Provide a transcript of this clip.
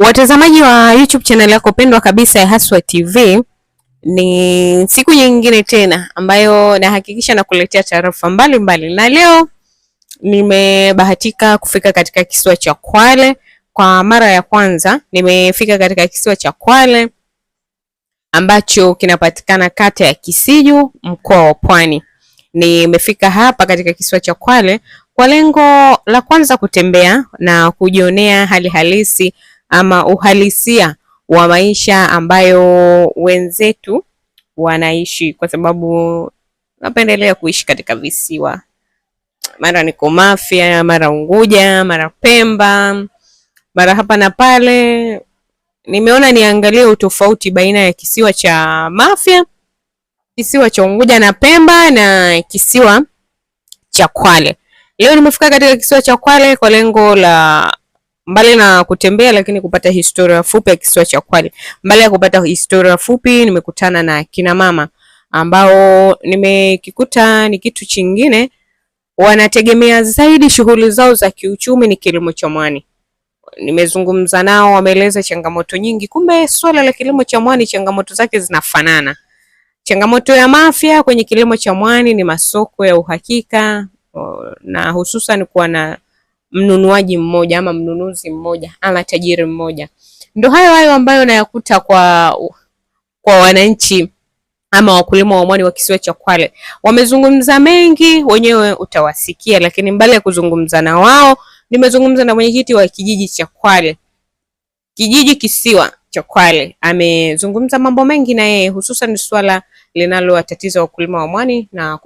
Watazamaji wa YouTube channel yako pendwa kabisa ya Haswa TV, ni siku nyingine tena ambayo nahakikisha nakuletea taarifa mbalimbali, na leo nimebahatika kufika katika kisiwa cha Kwale. Kwa mara ya kwanza nimefika katika kisiwa cha Kwale ambacho kinapatikana kata ya Kisiju, mkoa wa Pwani. Nimefika hapa katika kisiwa cha Kwale kwa lengo la kwanza kutembea na kujionea hali halisi ama uhalisia wa maisha ambayo wenzetu wanaishi, kwa sababu napendelea kuishi katika visiwa, mara niko Mafia, mara Unguja, mara Pemba, mara hapa na pale. Nimeona niangalie utofauti baina ya kisiwa cha Mafia, kisiwa cha Unguja na Pemba na kisiwa cha Kwale. Leo nimefika katika kisiwa cha Kwale kwa lengo la Mbali na kutembea lakini kupata historia fupi ya kisiwa cha Kwale. Mbali ya kupata historia fupi, nimekutana na kina mama ambao nimekikuta ni kitu chingine, wanategemea zaidi shughuli zao za kiuchumi ni kilimo cha mwani. Nimezungumza nao, wameeleza changamoto nyingi. Kumbe swala la kilimo cha mwani changamoto zake zinafanana. Changamoto ya mafia kwenye kilimo cha mwani ni masoko ya uhakika na hususan kuwa na mnunuaji mmoja ama mnunuzi mmoja ama tajiri mmoja. Ndo hayo hayo ambayo nayakuta kwa kwa wananchi ama wakulima wa mwani wa kisiwa cha Kwale. Wamezungumza mengi, wenyewe utawasikia, lakini mbali ya kuzungumza na wao, nimezungumza na mwenyekiti wa kijiji cha Kwale, kijiji kisiwa cha Kwale. Amezungumza mambo mengi na yeye, hususan suala linalowatatiza wakulima wa mwani na